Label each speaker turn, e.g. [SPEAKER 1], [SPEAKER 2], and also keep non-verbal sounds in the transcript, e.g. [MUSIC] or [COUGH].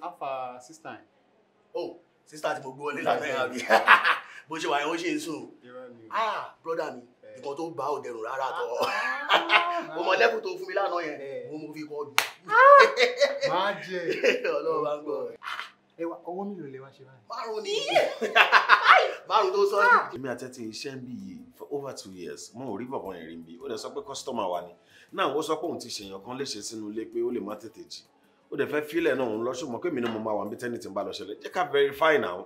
[SPEAKER 1] afa sista yẹn. o oh, sista ti mo gbọ́ nígbà náà rí bó ṣe wà yẹn ó ṣe é sùn ah broda mi eh. nǹkan tó bá òdẹrùn rárá tọ ah. [LAUGHS] mo mọ lẹ́kùn tó fún mi lánàá yẹn eh. mo mú fi kọ́ dùn. Ah! máa jẹ [LAUGHS] ọlọ́run bá ń gbọ́. ẹwà eh, owó mi ló lè wá ṣe
[SPEAKER 2] báyìí. márùn ni
[SPEAKER 3] [LAUGHS] márùn tó sọ ni. Ah! èmi àti ẹtì iṣẹ́ ń bí yìí for over two years mo ò rí bàbá yẹn rí mi ó lè sọ pé kọ́sítọ́mà wa ni náà wọ́n sọ pé òun ti ṣèyàn kan léṣe sínú ilé pé ó lè má tètè jì ó dẹ̀ fẹ́ fílẹ̀ náà òun lọ́sùn pé mi ni mo máa wà níbi tẹ́ni ń bá lọ ṣẹlẹ̀ jẹ́ ká verify now.